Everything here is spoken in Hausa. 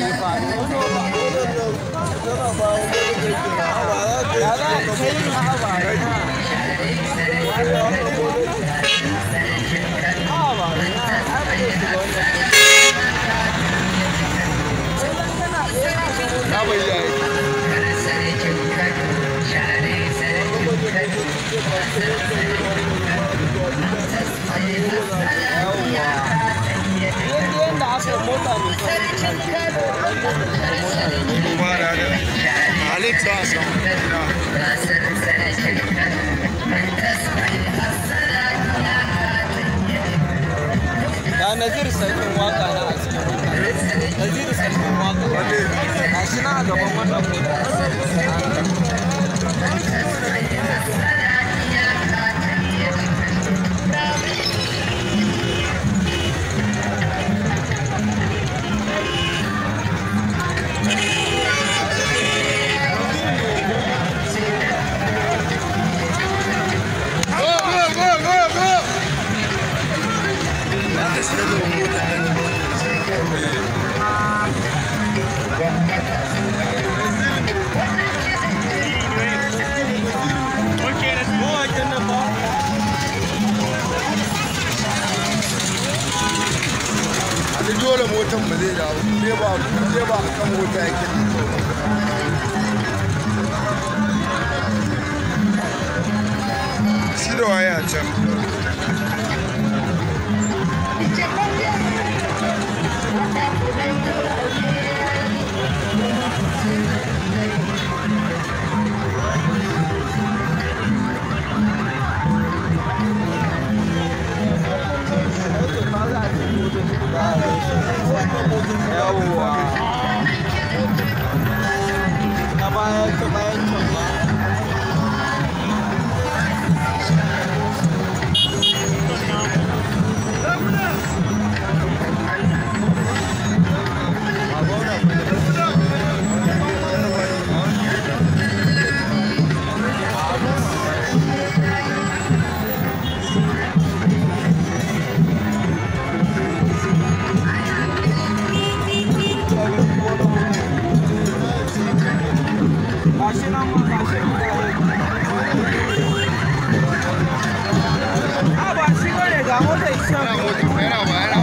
哎呀！天天拿什么大 Ya nazir sarkin waka na a cikin nazir sarkin waka a shi na gaban wannan kuma dole motan mu zai dawo sai ba sai ba kan mota yake shi da waya can 哎呦啊！我了，回了，完了。